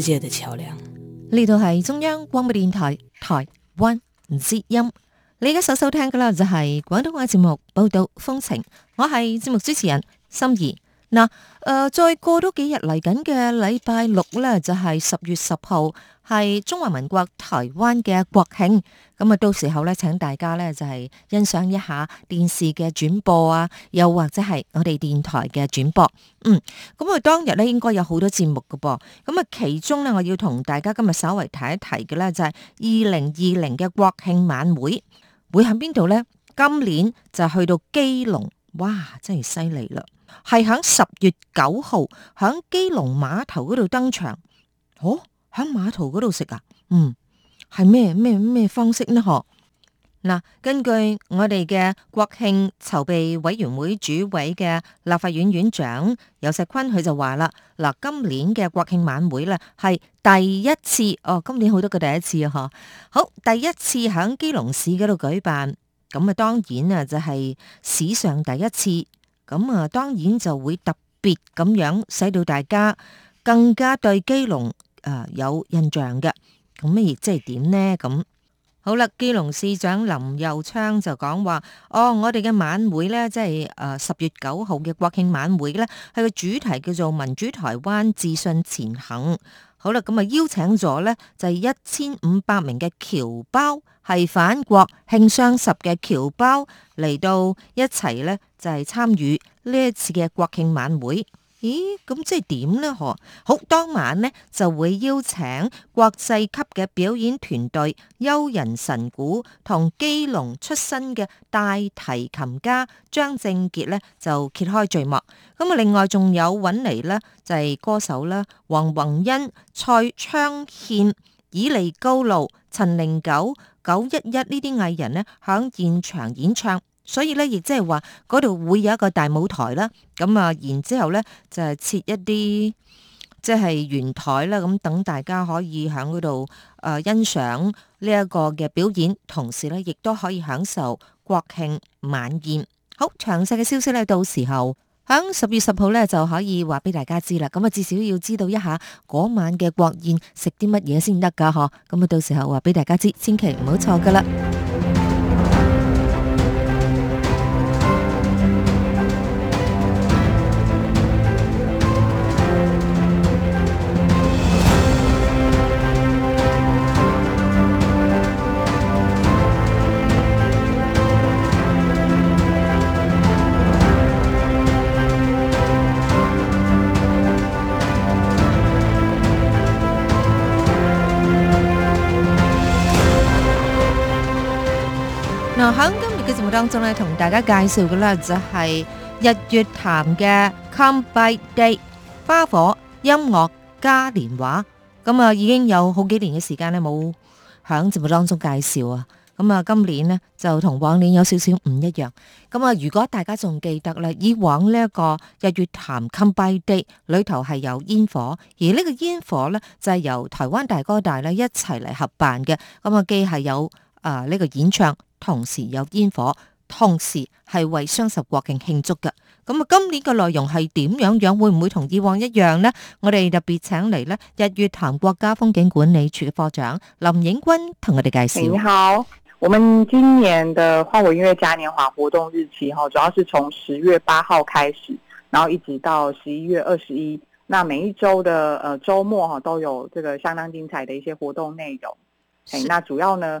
世界的橋梁，呢度係中央廣播電台台灣之音，你而家所收聽嘅啦就係廣東話節目《報道風情》，我係節目主持人心儀。嗱，誒，再過多幾日嚟緊嘅禮拜六咧，就係十月十號，係中華民國台灣嘅國慶。咁啊，到時候咧，請大家咧就係欣賞一下電視嘅轉播啊，又或者係我哋電台嘅轉播。嗯，咁啊，當日咧應該有好多節目噶噃。咁啊，其中咧我要同大家今日稍微提一提嘅咧，就係二零二零嘅國慶晚會會喺邊度呢？今年就去到基隆，哇，真係犀利啦！係喺十月九號喺基隆碼頭嗰度登場，哦，喺碼頭嗰度食啊？嗯，係咩咩咩方式呢？嗬嗱，根據我哋嘅國慶籌備委員會主委嘅立法院院長游錫堃佢就話啦，嗱，今年嘅國慶晚會啦係第一次哦，今年好多個第一次啊，嗬，好第一次喺基隆市嗰度舉辦，咁啊，當然啊就係史上第一次。咁啊，當然就會特別咁樣，使到大家更加對基隆、呃、有印象嘅。咁嘢？即係點呢？咁好啦，基隆市長林右昌就講話：哦，我哋嘅晚會咧，即係呃、十月九號嘅國慶晚會咧，係個主題叫做民主台灣自信前行。好啦，咁啊，邀請咗咧就係一千五百名嘅僑胞，係反國慶雙十嘅僑胞嚟到一齊咧。就係、是、參與呢一次嘅國慶晚會，咦？咁即係點呢？嗬！好，當晚呢，就會邀請國際級嘅表演團隊優人神鼓同基隆出身嘅大提琴家張正傑呢，就揭開序幕。咁啊，另外仲有揾嚟呢，就係、是、歌手啦，黃宏恩、蔡昌憲、以黎高露、陳零九、九一一呢啲藝人呢，響現場演唱。所以咧，亦即係話嗰度會有一個大舞台啦。咁啊，然之後呢，就係設一啲即係圓台啦，咁等大家可以喺嗰度誒欣賞呢一個嘅表演，同時呢，亦都可以享受國慶晚宴。好，詳細嘅消息呢，到時候喺十月十號呢，就可以話俾大家知啦。咁啊，至少要知道一下嗰晚嘅國宴食啲乜嘢先得噶嗬，咁啊，到時候話俾大家知，千祈唔好錯噶啦。當中咧，同大家介紹嘅咧就係日月潭嘅 Come!BikeDay 花火音樂嘉年華。咁啊，已經有好幾年嘅時間呢冇喺節目當中介紹啊。咁啊，今年呢，就同往年有少少唔一樣。咁啊，如果大家仲記得咧，以往呢一個日月潭 Come!BikeDay 裏頭係有煙火，而呢個煙火呢，就係、是、由台灣大哥大呢一齊嚟合辦嘅。咁啊，既係有啊呢、呃這個演唱。同時有煙火，同時係為雙十國慶慶祝嘅。咁啊，今年嘅內容係點樣樣？會唔會同以往一樣呢？我哋特別請嚟咧，日月潭國家風景管理處嘅課長林影君同我哋介紹。你好，我們今年嘅花火音樂嘉年華活動日期，哈，主要是從十月八號開始，然後一直到十一月二十一。那每一周的，呃，周末哈都有這個相當精彩的一些活動內容。誒，那主要呢？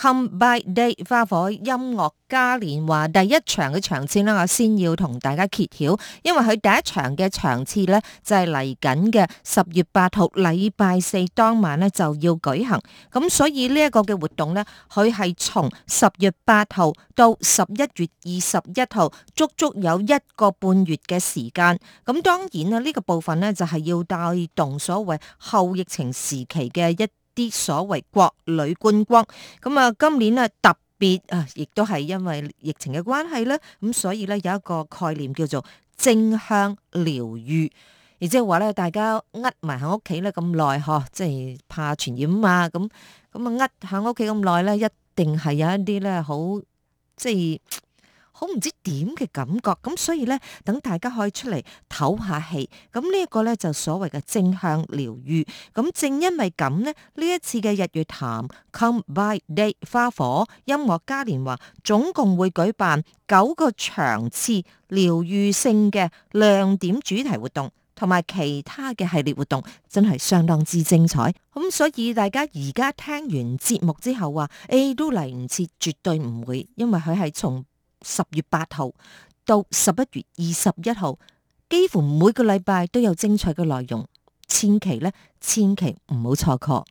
Come!BikeDay 花火音樂嘉年華第一場嘅場次呢，我先要同大家揭曉，因為佢第一場嘅場次咧就係嚟緊嘅十月八號禮拜四當晚咧就要舉行。咁所以呢一個嘅活動咧，佢係從十月八號到十一月二十一號足足有一個半月嘅時間，咁當然啦，呢、這個部分咧就係、是、要帶動所謂後疫情時期嘅一啲所謂國旅觀光，咁啊，今年咧特別啊，亦都係因為疫情嘅關係咧，咁所以咧有一個概念叫做正向療癒，亦即係話咧，大家呃埋喺屋企咧咁耐，呵，即係怕傳染啊嘛，咁咁啊，呃喺屋企咁耐咧，一定係有一啲咧好即係。好唔知點嘅感覺咁，所以呢，等大家可以出嚟唞下氣。咁呢一個呢，就所謂嘅正向療癒。咁正因為咁呢，呢一次嘅日月潭 Come BikeDay 花火音樂嘉年華總共會舉辦九個場次療癒性嘅亮點主題活動，同埋其他嘅系列活動，真係相當之精彩。咁所以大家而家聽完節目之後話，誒都嚟唔切，絕對唔會，因為佢係從十月八號到十一月二十一號，幾乎每個禮拜都有精彩嘅內容，千祈咧，千祈唔好錯過。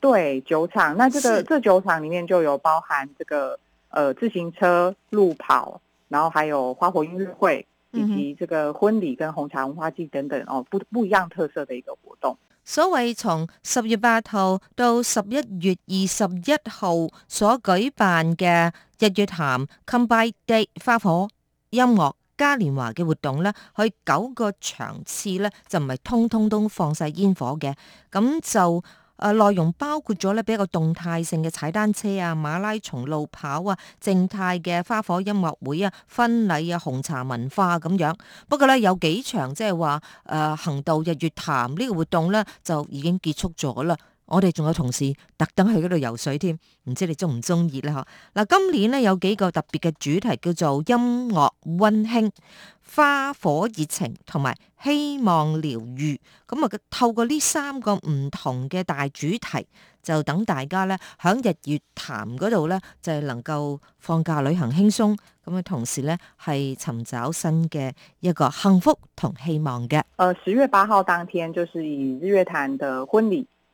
對，九場，那這個這九場裏面就有包含這個，誒、呃，自行車路跑，然後還有花火音樂會，以及這個婚禮跟紅茶文化季等等哦，不不一樣特色嘅一個活動。所謂從十月八號到十一月二十一號所舉辦嘅日月潭 Come!BikeDay 花火音樂嘉年華嘅活動咧，去九個場次咧，就唔係通通都放晒煙火嘅，咁就。啊，內容包括咗咧，比較動態性嘅踩單車啊、馬拉松路跑啊、靜態嘅花火音樂會啊、婚禮啊、紅茶文化咁樣。不過咧，有幾場即係話，誒，行道日月潭呢個活動咧，就已經結束咗啦。我哋仲有同事特登去嗰度游水添，唔知你中唔中意咧？嗬！嗱，今年咧有幾個特別嘅主題，叫做音樂温馨、花火熱情同埋希望療愈。咁啊，透過呢三個唔同嘅大主題，就等大家咧響日月潭嗰度咧，就係能夠放假旅行輕鬆，咁啊，同時咧係尋找新嘅一個幸福同希望嘅。誒、呃，十月八號當天就是以日月潭嘅婚禮。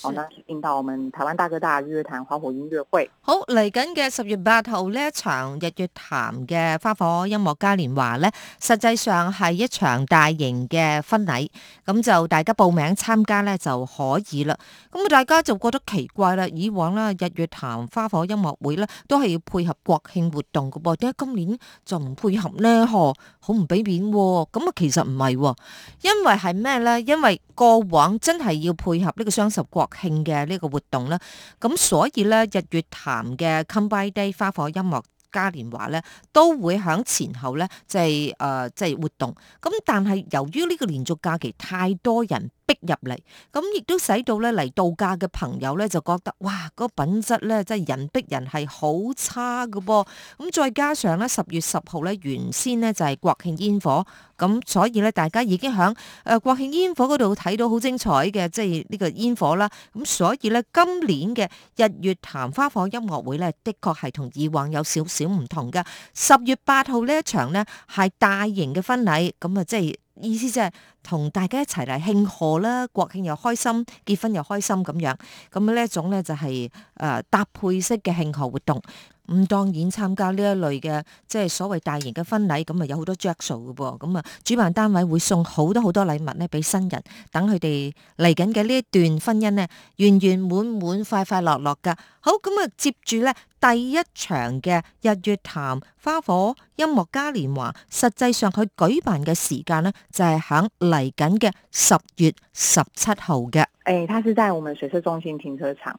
好啦，邊到我們台灣大哥大日月潭花火音樂會，好嚟緊嘅十月八號呢一場日月潭嘅花火音樂嘉年華咧，實際上係一場大型嘅婚禮，咁就大家報名參加咧就可以啦。咁啊大家就覺得奇怪啦，以往啦日月潭花火音樂會咧都係要配合國慶活動噶噃，點解今年就唔配合咧？嗬，好唔俾面咁啊？其實唔係，因為係咩咧？因為過往真係要配合呢個雙十國。國慶嘅呢個活動啦，咁所以咧日月潭嘅 Come!BikeDay 花火音樂嘉年華咧，都會響前後咧，即係誒，即、呃、係、就是、活動。咁但係由於呢個連續假期太多人。逼入嚟，咁亦都使到咧嚟度假嘅朋友咧就覺得哇，嗰品質咧真係人逼人係好差噶噃，咁再加上咧十月十號咧原先呢就係國慶煙火，咁所以咧大家已經響誒國慶煙火嗰度睇到好精彩嘅，即係呢個煙火啦，咁所以咧今年嘅日月潭花火音樂會咧的確係同以往有少少唔同噶，十月八號呢一場呢係大型嘅婚禮，咁啊即係。意思即係同大家一齊嚟慶賀啦，國慶又開心，結婚又開心咁樣，咁呢一種咧就係、是、誒、呃、搭配式嘅慶賀活動。唔，當然參加呢一類嘅，即係所謂大型嘅婚禮，咁啊有好多着數嘅噃，咁啊主辦單位會送好多好多禮物咧，俾新人等佢哋嚟緊嘅呢一段婚姻咧，圓圓滿滿、快快樂樂噶。好，咁啊，接住咧第一場嘅日月潭花火音樂嘉年華，實際上佢舉辦嘅時間咧就係響嚟緊嘅十月十七號嘅。誒、哎，他是在我們水社中心停車場。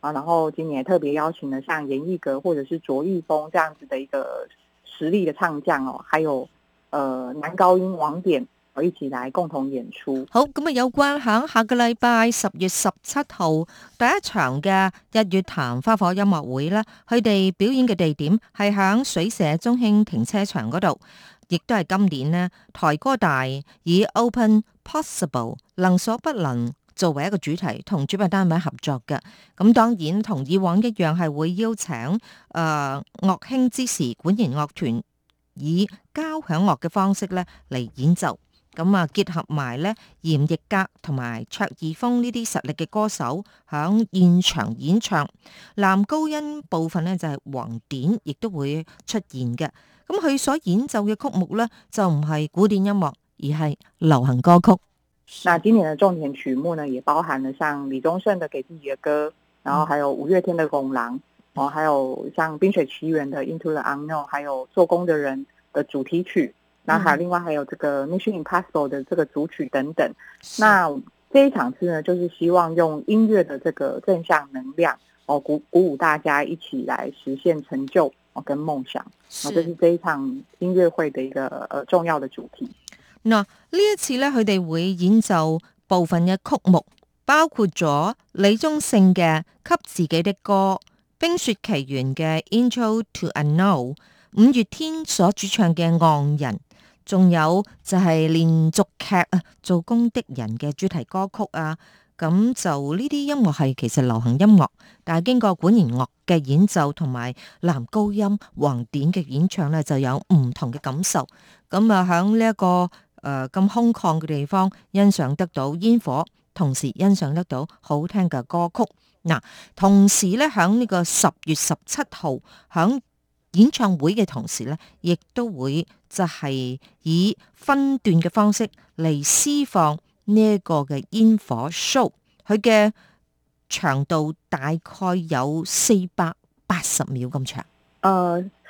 啊，然後今年特別邀請了像嚴藝格或者是卓玉峰這樣子的一個實力的唱將哦，還有，呃，男高音王典，我一起來共同演出。好，咁啊，有關響下個禮拜十月十七號第一場嘅日月潭花火音樂會咧，佢哋表演嘅地點係響水社中興停車場嗰度，亦都係今年呢台哥大以 Open Possible 能所不能。作為一個主題，同主辦單位合作嘅，咁當然同以往一樣係會邀請誒、呃、樂興之時管弦樂團，以交響樂嘅方式咧嚟演奏。咁啊，結合埋咧閻奕格同埋卓義峰呢啲實力嘅歌手響現場演唱。男高音部分咧就係、是、黃典，亦都會出現嘅。咁佢所演奏嘅曲目呢，就唔係古典音樂，而係流行歌曲。那今年的重點曲目呢，也包含了像李宗盛的給自己的歌，然後還有五月天的《拱廊》，哦，還有像《冰雪奇緣》的《Into the Unknown》，還有《做工的人》的主題曲，那還有另外還有這個《Mission Impossible》的這個組曲等等。那這一場次呢，就是希望用音樂的這個正向能量哦，鼓鼓舞大家一起來實現成就哦跟夢想，是、哦，這是這一場音樂會的一個呃重要的主題。嗱，呢一次咧，佢哋會演奏部分嘅曲目，包括咗李宗盛嘅《給自己的歌》，《冰雪奇緣》嘅《Into the Unknown》，五月天所主唱嘅《岸人》，仲有就係連續劇《做工的人》嘅主題歌曲啊。咁就呢啲音樂係其實流行音樂，但係經過管弦樂嘅演奏同埋男高音黃典嘅演唱咧，就有唔同嘅感受。咁啊，響呢一個。誒、呃、咁空曠嘅地方，欣賞得到煙火，同時欣賞得到好聽嘅歌曲。嗱、啊，同時咧喺呢個十月十七號喺演唱會嘅同時咧，亦都會就係以分段嘅方式嚟施放呢一個嘅煙火 show，佢嘅長度大概有四百八十秒咁長。誒、uh。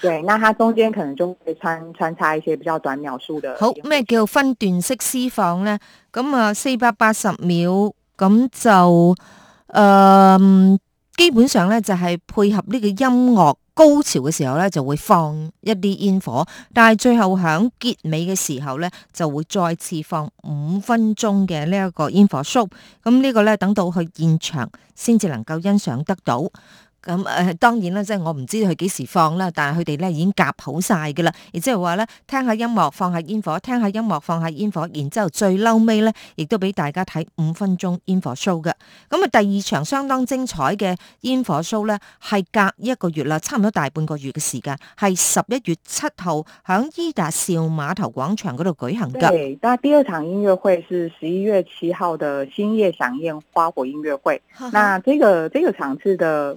對，那它中間可能就會穿穿插一些比較短秒數的。好，咩叫分段式施放呢？咁啊，四百八十秒，咁就誒、呃，基本上咧就係、是、配合呢個音樂高潮嘅時候咧，就會放一啲煙火。但係最後響結尾嘅時候咧，就會再次放五分鐘嘅呢一個煙火 show。咁呢個咧，等到去現場先至能夠欣賞得到。咁、嗯、誒，當然啦，即係我唔知佢幾時放啦，但係佢哋咧已經夾好晒噶啦，亦即係話咧聽下音樂，放下煙火，聽下音樂，放下煙火，然之後最嬲尾咧，亦都俾大家睇五分鐘煙火 show 嘅。咁、嗯、啊，第二場相當精彩嘅煙火 show 咧，係隔一個月啦，差唔多大半個月嘅時間，係十一月七號響伊達邵碼頭廣場嗰度舉行噶。對，第二場音樂會係十一月七號嘅星夜饗宴花火音樂會。嗱，呢個呢個場次嘅。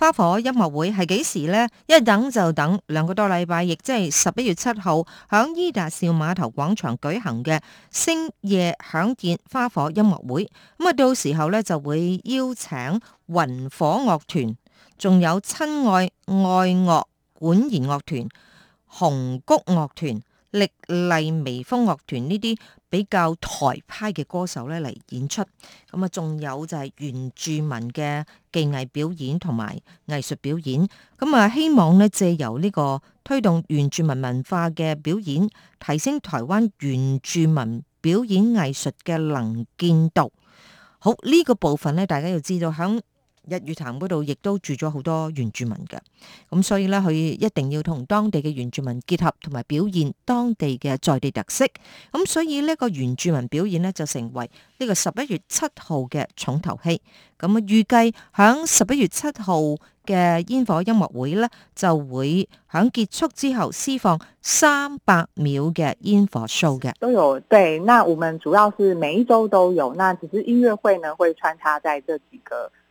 花火音樂會係幾時呢？一等就等兩個多禮拜，亦即係十一月七號，響伊達邵碼頭廣場舉行嘅星夜響見花火音樂會。咁啊，到時候咧就會邀請雲火樂團，仲有親愛愛樂管弦樂團、紅谷樂團、力麗微風樂團呢啲。這些比較台派嘅歌手咧，嚟演出，咁啊仲有就係原住民嘅技藝表演同埋藝術表演，咁啊希望咧藉由呢個推動原住民文化嘅表演，提升台灣原住民表演藝術嘅能見度。好，呢個部分咧，大家要知道響日月潭嗰度亦都住咗好多原住民嘅，咁所以咧，佢一定要同當地嘅原住民結合，同埋表現當地嘅在地特色。咁所以呢個原住民表演呢，就成為呢個十一月七號嘅重頭戲。咁啊，預計喺十一月七號嘅煙火音樂會呢，就會喺結束之後施放三百秒嘅煙火 show 嘅。都有，對，那我們主要是每一周都有，那只是音樂會呢會穿插在這幾個。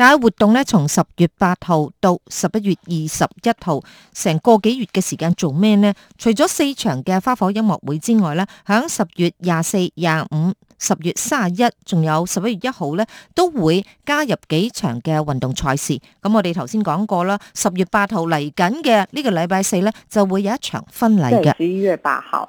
大家活動咧，從十月八號到十一月二十一號，成個幾月嘅時間做咩呢？除咗四場嘅花火音樂會之外咧，響十月廿四、廿五、十月三十一，仲有十一月一號咧，都會加入幾場嘅運動賽事。咁我哋頭先講過啦，十月八號嚟緊嘅呢個禮拜四咧，就會有一場婚禮嘅。十一月八號。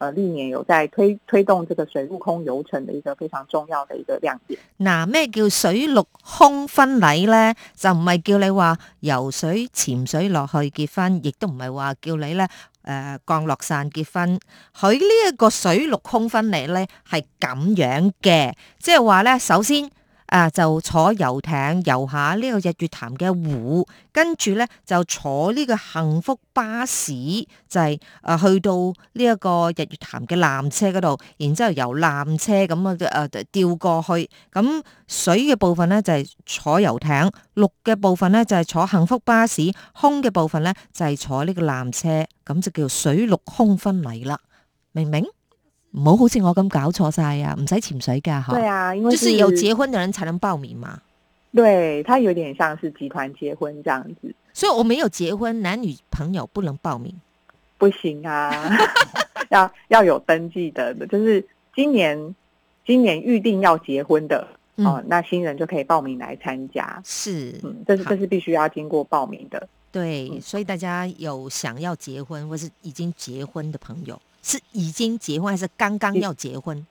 誒、呃，歷年有在推推動這個水陸空遊程的一個非常重要的一個亮點。嗱、啊，咩叫水陸空婚禮呢？就唔係叫你話游水潛水落去結婚，亦都唔係話叫你呢誒、呃、降落傘結婚。佢呢一個水陸空婚禮呢係咁樣嘅，即係話呢首先。啊，就坐遊艇遊下呢個日月潭嘅湖，跟住咧就坐呢個幸福巴士，就係、是啊、去到呢一個日月潭嘅纜車嗰度，然之後由纜車咁啊調過去。咁、嗯、水嘅部分咧就係、是、坐遊艇，陸嘅部分咧就係、是、坐幸福巴士，空嘅部分咧就係、是、坐呢個纜車，咁就叫水陸空分離啦。明唔明？唔好好似我咁搞錯晒啊！唔使潛水㗎吓，對啊，因為是就是有結婚的人才能報名嘛。對，它有點像是集團結婚這樣子。所以我沒有結婚，男女朋友不能報名，不行啊！ 要要有登記的，就是今年今年預定要結婚的哦、嗯呃，那新人就可以報名來參加。是，嗯、這是這是必須要經過報名的。對、嗯，所以大家有想要結婚或是已經結婚的朋友。是已經結婚還是剛剛要結婚？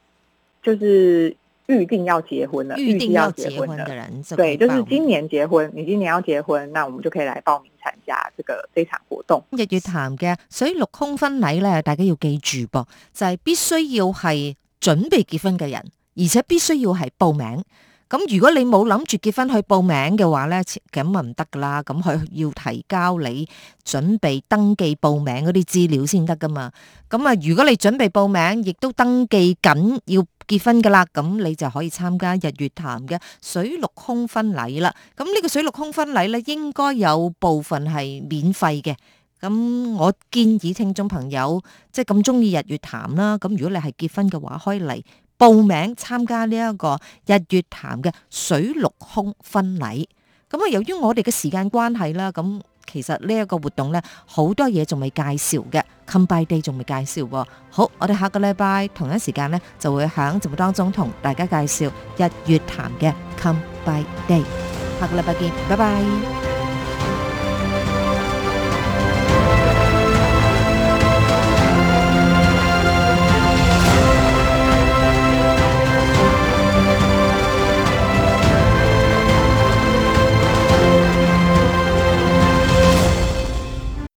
就是預定要結婚了，預定要結婚的人，婚的人，對，就是今年結婚，你今年要結婚，那我們就可以來報名參加這個這場活動。日月潭嘅水陸空婚禮咧，大家要記住噃，就係、是、必須要係準備結婚嘅人，而且必須要係報名。咁如果你冇諗住結婚去報名嘅話咧，咁咪唔得噶啦。咁佢要提交你準備登記報名嗰啲資料先得噶嘛。咁啊，如果你準備報名，亦都登記緊要結婚噶啦，咁你就可以參加日月潭嘅水陸空婚禮啦。咁呢個水陸空婚禮咧，應該有部分係免費嘅。咁我建議聽眾朋友，即係咁中意日月潭啦。咁如果你係結婚嘅話，可以嚟。報名參加呢一個日月潭嘅水陸空婚禮，咁、嗯、啊由於我哋嘅時間關係啦，咁其實呢一個活動呢，好多嘢仲未介紹嘅 Come!BikeDay 仲未介紹。好，我哋下個禮拜同一時間呢，就會喺節目當中同大家介紹日月潭嘅 Come!BikeDay，下個禮拜見，拜拜。